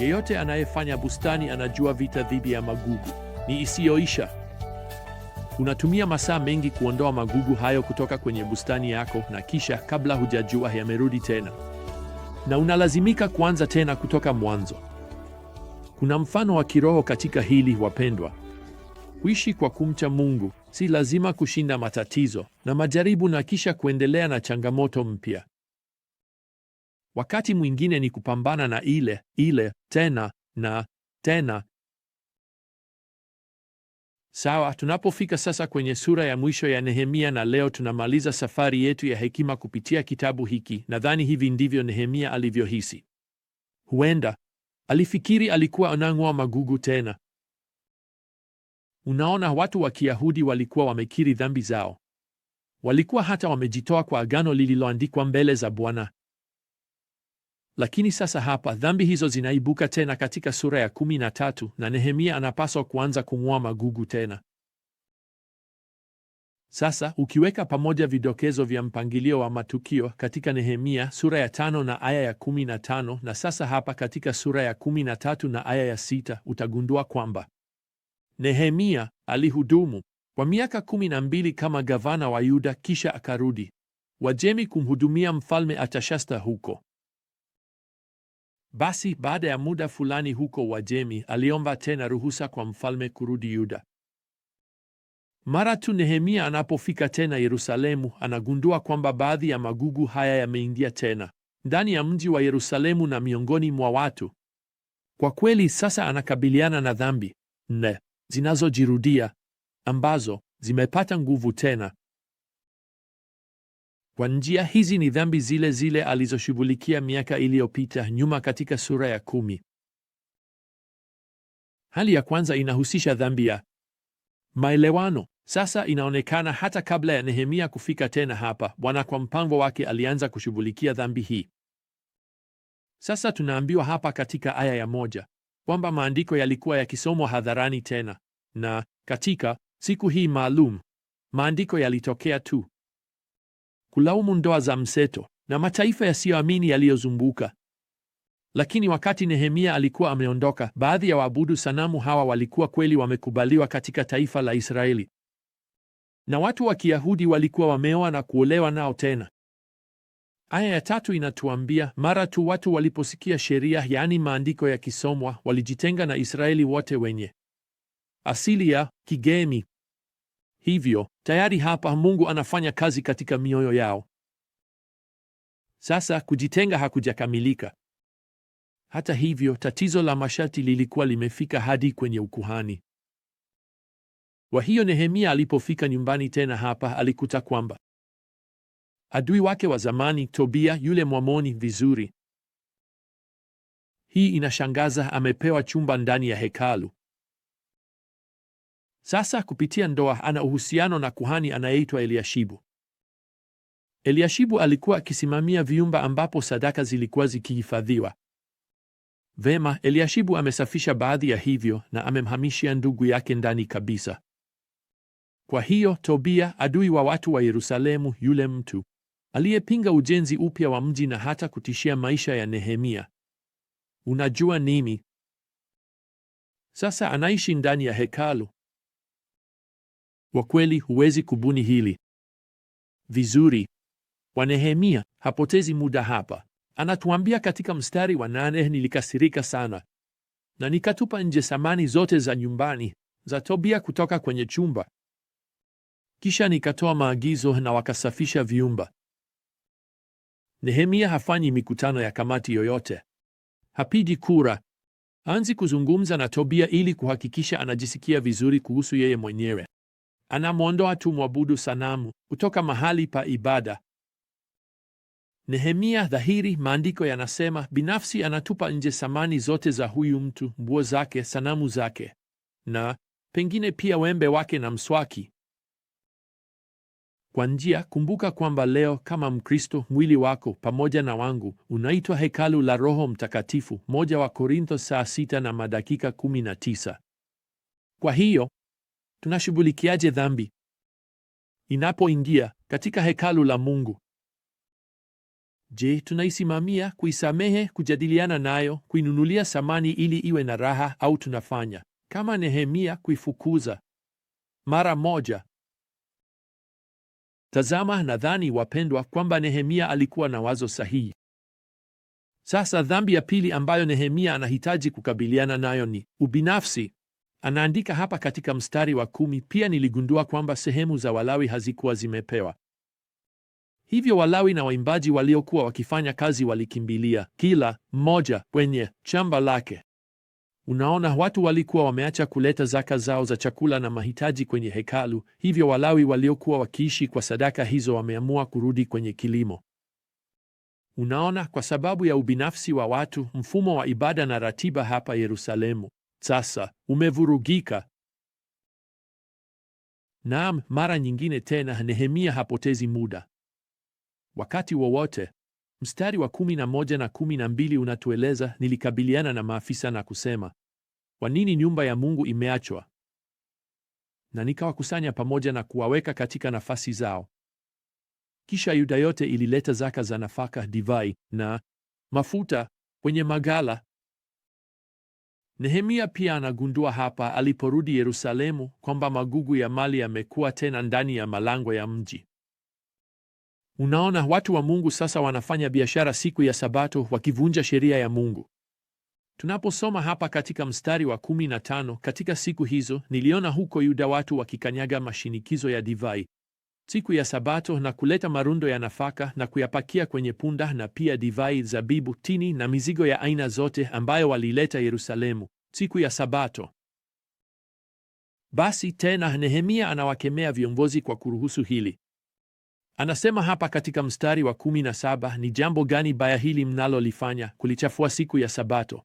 Yeyote anayefanya bustani anajua vita dhidi ya magugu ni isiyoisha. Unatumia masaa mengi kuondoa magugu hayo kutoka kwenye bustani yako, na kisha kabla hujajua yamerudi tena, na unalazimika kuanza tena kutoka mwanzo. Kuna mfano wa kiroho katika hili, wapendwa. Kuishi kwa kumcha Mungu si lazima kushinda matatizo na majaribu na kisha kuendelea na changamoto mpya. Wakati mwingine ni kupambana na ile ile tena na tena. Sawa, tunapofika sasa kwenye sura ya mwisho ya Nehemia na leo tunamaliza safari yetu ya hekima kupitia kitabu hiki. Nadhani hivi ndivyo Nehemia alivyohisi. Huenda alifikiri alikuwa anang'oa magugu tena. Unaona, watu wa Kiyahudi walikuwa wamekiri dhambi zao, walikuwa hata wamejitoa kwa agano lililoandikwa mbele za Bwana lakini sasa hapa dhambi hizo zinaibuka tena katika sura ya kumi na tatu na Nehemia anapaswa kuanza kung'oa magugu tena. Sasa ukiweka pamoja vidokezo vya mpangilio wa matukio katika Nehemia sura ya tano na aya ya kumi na tano na sasa hapa katika sura ya kumi na tatu na aya ya sita utagundua kwamba Nehemia alihudumu kwa miaka kumi na mbili kama gavana wa Yuda, kisha akarudi Wajemi kumhudumia mfalme Atashasta huko. Basi baada ya muda fulani huko Wajemi, aliomba tena ruhusa kwa mfalme kurudi Yuda. Mara tu Nehemia anapofika tena Yerusalemu, anagundua kwamba baadhi ya magugu haya yameingia tena ndani ya mji wa Yerusalemu na miongoni mwa watu. Kwa kweli, sasa anakabiliana na dhambi nne zinazojirudia ambazo zimepata nguvu tena kwa njia hizi ni dhambi zile zile alizoshughulikia miaka iliyopita nyuma katika sura ya kumi. Hali ya kwanza inahusisha dhambi ya maelewano. Sasa inaonekana hata kabla ya Nehemia kufika tena hapa, Bwana kwa mpango wake alianza kushughulikia dhambi hii. Sasa tunaambiwa hapa katika aya ya moja kwamba maandiko yalikuwa yakisomwa hadharani tena, na katika siku hii maalum maandiko yalitokea tu kulaumu ndoa za mseto na mataifa yasiyoamini yaliyozunguka. Lakini wakati Nehemia alikuwa ameondoka, baadhi ya waabudu sanamu hawa walikuwa kweli wamekubaliwa katika taifa la Israeli, na watu wa Kiyahudi walikuwa wameoa na kuolewa nao tena. Aya ya tatu inatuambia, mara tu watu waliposikia sheria, yaani maandiko ya kisomwa walijitenga na Israeli wote wenye asili ya Kigemi. Hivyo tayari hapa Mungu anafanya kazi katika mioyo yao. Sasa kujitenga hakujakamilika. Hata hivyo, tatizo la masharti lilikuwa limefika hadi kwenye ukuhani. Kwa hiyo Nehemia alipofika nyumbani tena hapa, alikuta kwamba adui wake wa zamani Tobia yule Mwamoni vizuri. Hii inashangaza, amepewa chumba ndani ya hekalu. Sasa kupitia ndoa ana uhusiano na kuhani anayeitwa Eliashibu. Eliashibu alikuwa akisimamia vyumba ambapo sadaka zilikuwa zikihifadhiwa. Vema, Eliashibu amesafisha baadhi ya hivyo na amemhamishia ndugu yake ndani kabisa. Kwa hiyo Tobia, adui wa watu wa Yerusalemu, yule mtu aliyepinga ujenzi upya wa mji na hata kutishia maisha ya Nehemia, unajua nini? Sasa anaishi ndani ya hekalu. Kwa kweli huwezi kubuni hili vizuri. Kwa Nehemia hapotezi muda hapa, anatuambia katika mstari wa nane, nilikasirika sana na nikatupa nje samani zote za nyumbani za Tobia kutoka kwenye chumba, kisha nikatoa maagizo na wakasafisha vyumba. Nehemia hafanyi mikutano ya kamati yoyote, hapidi kura, anzi kuzungumza na Tobia ili kuhakikisha anajisikia vizuri kuhusu yeye mwenyewe anamwondoa tu mwabudu sanamu kutoka mahali pa ibada. Nehemia dhahiri, maandiko yanasema, binafsi anatupa nje samani zote za huyu mtu, nguo zake, sanamu zake, na pengine pia wembe wake na mswaki. Kwa njia, kumbuka kwamba leo kama Mkristo, mwili wako pamoja na wangu unaitwa hekalu la Roho Mtakatifu, moja wa Korintho saa sita na madakika kumi na tisa. Kwa hiyo Tunashughulikiaje dhambi inapoingia katika hekalu la Mungu? Je, tunaisimamia, kuisamehe, kujadiliana nayo, kuinunulia samani ili iwe na raha, au tunafanya kama Nehemia, kuifukuza mara moja? Tazama, nadhani wapendwa, kwamba Nehemia alikuwa na wazo sahihi. Sasa dhambi ya pili ambayo Nehemia anahitaji kukabiliana nayo ni ubinafsi. Anaandika hapa katika mstari wa kumi, pia niligundua kwamba sehemu za Walawi hazikuwa zimepewa. Hivyo Walawi na waimbaji waliokuwa wakifanya kazi walikimbilia kila mmoja kwenye chamba lake. Unaona, watu walikuwa wameacha kuleta zaka zao za chakula na mahitaji kwenye hekalu, hivyo Walawi waliokuwa wakiishi kwa sadaka hizo wameamua kurudi kwenye kilimo. Unaona, kwa sababu ya ubinafsi wa watu, mfumo wa ibada na ratiba hapa Yerusalemu sasa umevurugika. Naam, mara nyingine tena Nehemia hapotezi muda wakati wowote. Mstari wa kumi na moja na kumi na mbili unatueleza nilikabiliana na maafisa na kusema, kwa nini nyumba ya Mungu imeachwa? Na nikawakusanya pamoja na kuwaweka katika nafasi zao. Kisha Yuda yote ilileta zaka za nafaka, divai na mafuta kwenye magala Nehemia pia anagundua hapa aliporudi Yerusalemu kwamba magugu ya mali yamekuwa tena ndani ya malango ya mji. Unaona, watu wa Mungu sasa wanafanya biashara siku ya Sabato, wakivunja sheria ya Mungu. Tunaposoma hapa katika mstari wa 15, katika siku hizo niliona huko Yuda watu wakikanyaga mashinikizo ya divai siku ya Sabato na kuleta marundo ya nafaka na kuyapakia kwenye punda, na pia divai, zabibu, tini na mizigo ya aina zote ambayo walileta Yerusalemu siku ya Sabato. Basi tena Nehemia anawakemea viongozi kwa kuruhusu hili. Anasema hapa katika mstari wa 17, ni jambo gani baya hili mnalolifanya kulichafua siku ya Sabato?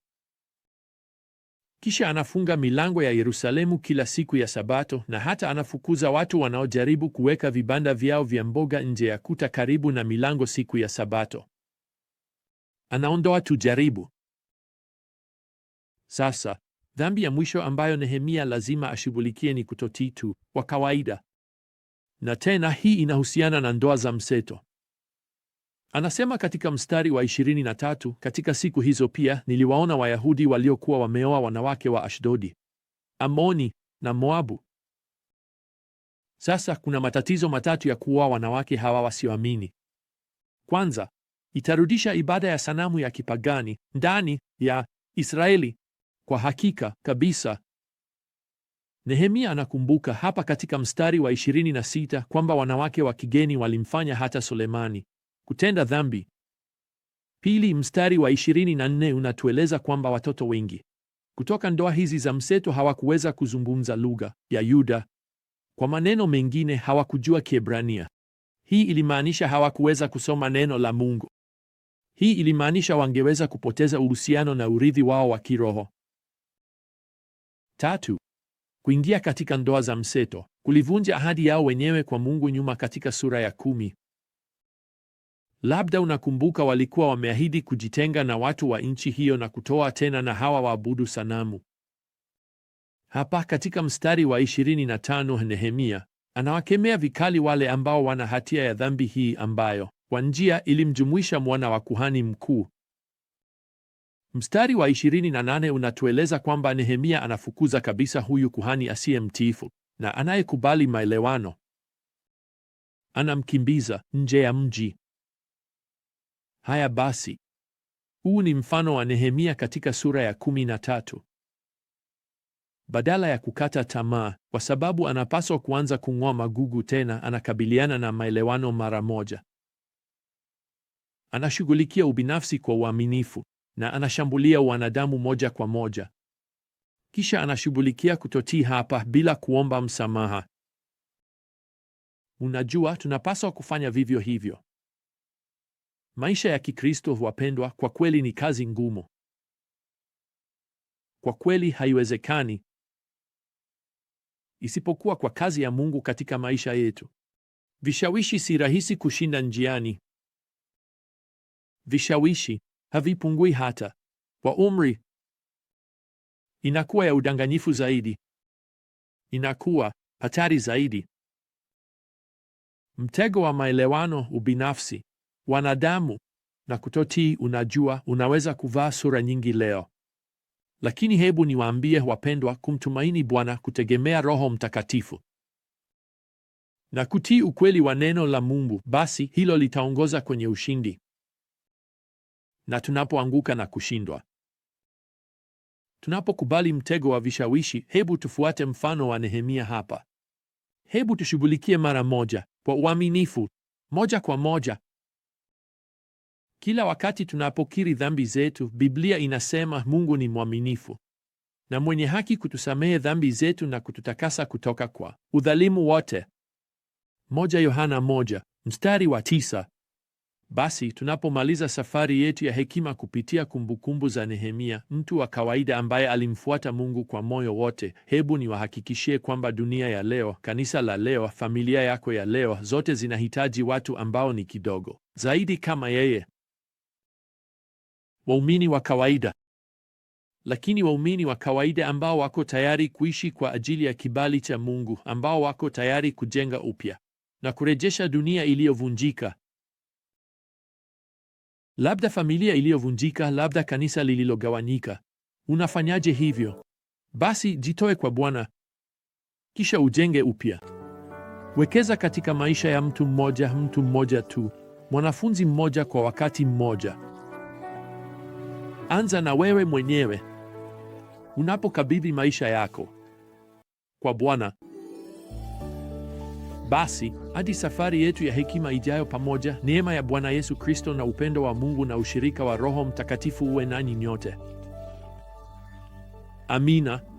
Kisha anafunga milango ya Yerusalemu kila siku ya Sabato, na hata anafukuza watu wanaojaribu kuweka vibanda vyao vya mboga nje ya kuta karibu na milango siku ya Sabato. Anaondoa tujaribu. Sasa dhambi ya mwisho ambayo Nehemia lazima ashughulikie ni kutotii tu kwa kawaida, na tena hii inahusiana na ndoa za mseto. Anasema katika mstari wa 23, katika siku hizo pia niliwaona Wayahudi waliokuwa wameoa wanawake wa Ashdodi, Amoni na Moabu. Sasa kuna matatizo matatu ya kuoa wanawake hawa wasioamini. Kwanza, itarudisha ibada ya sanamu ya kipagani ndani ya Israeli kwa hakika kabisa. Nehemia anakumbuka hapa katika mstari wa 26 kwamba wanawake wa kigeni walimfanya hata Sulemani kutenda dhambi. Pili, mstari wa 24 unatueleza kwamba watoto wengi kutoka ndoa hizi za mseto hawakuweza kuzungumza lugha ya Yuda. Kwa maneno mengine, hawakujua Kiebrania. Hii ilimaanisha hawakuweza kusoma neno la Mungu. Hii ilimaanisha wangeweza kupoteza uhusiano na urithi wao wa kiroho. Tatu, kuingia katika ndoa za mseto kulivunja ahadi yao wenyewe kwa Mungu nyuma katika sura ya kumi Labda unakumbuka walikuwa wameahidi kujitenga na watu wa nchi hiyo na kutoa tena na hawa waabudu sanamu. Hapa katika mstari wa 25 Nehemia anawakemea vikali wale ambao wana hatia ya dhambi hii ambayo kwa njia ilimjumuisha mwana wa kuhani mkuu. Mstari wa 28 unatueleza kwamba Nehemia anafukuza kabisa huyu kuhani asiye mtiifu na anayekubali maelewano, anamkimbiza nje ya mji. Haya basi, huu ni mfano wa Nehemia katika sura ya kumi na tatu. Badala ya kukata tamaa, kwa sababu anapaswa kuanza kung'oa magugu tena, anakabiliana na maelewano mara moja. Anashughulikia ubinafsi kwa uaminifu na anashambulia wanadamu moja kwa moja, kisha anashughulikia kutotii hapa bila kuomba msamaha. Unajua, tunapaswa kufanya vivyo hivyo. Maisha ya Kikristo, wapendwa, kwa kweli ni kazi ngumu. Kwa kweli haiwezekani isipokuwa kwa kazi ya Mungu katika maisha yetu. Vishawishi si rahisi kushinda njiani. Vishawishi havipungui hata kwa umri. Inakuwa ya udanganyifu zaidi, inakuwa hatari zaidi. Mtego wa maelewano, ubinafsi wanadamu na kutotii. Unajua, unaweza kuvaa sura nyingi leo, lakini hebu niwaambie wapendwa, kumtumaini Bwana, kutegemea Roho Mtakatifu na kutii ukweli wa neno la Mungu, basi hilo litaongoza kwenye ushindi na tunapoanguka na kushindwa, tunapokubali mtego wa vishawishi, hebu tufuate mfano wa Nehemia hapa. Hebu tushughulikie mara moja kwa uaminifu, moja kwa moja kila wakati tunapokiri dhambi zetu, Biblia inasema Mungu ni mwaminifu na mwenye haki kutusamehe dhambi zetu na kututakasa kutoka kwa udhalimu wote. Moja Yohana moja, mstari wa tisa. Basi tunapomaliza safari yetu ya hekima kupitia kumbukumbu za Nehemia, mtu wa kawaida ambaye alimfuata Mungu kwa moyo wote, hebu niwahakikishie kwamba dunia ya leo, kanisa la leo, familia yako ya leo, zote zinahitaji watu ambao ni kidogo zaidi kama yeye waumini wa kawaida. Lakini waumini wa kawaida ambao wako tayari kuishi kwa ajili ya kibali cha Mungu, ambao wako tayari kujenga upya na kurejesha dunia iliyovunjika, labda familia iliyovunjika, labda kanisa lililogawanyika. Unafanyaje hivyo? Basi jitoe kwa Bwana, kisha ujenge upya. Wekeza katika maisha ya mtu mmoja, mtu mmoja tu, mwanafunzi mmoja kwa wakati mmoja. Anza na wewe mwenyewe unapokabidhi maisha yako kwa Bwana. Basi hadi safari yetu ya hekima ijayo pamoja, neema ya Bwana Yesu Kristo na upendo wa Mungu na ushirika wa Roho Mtakatifu uwe nanyi nyote. Amina.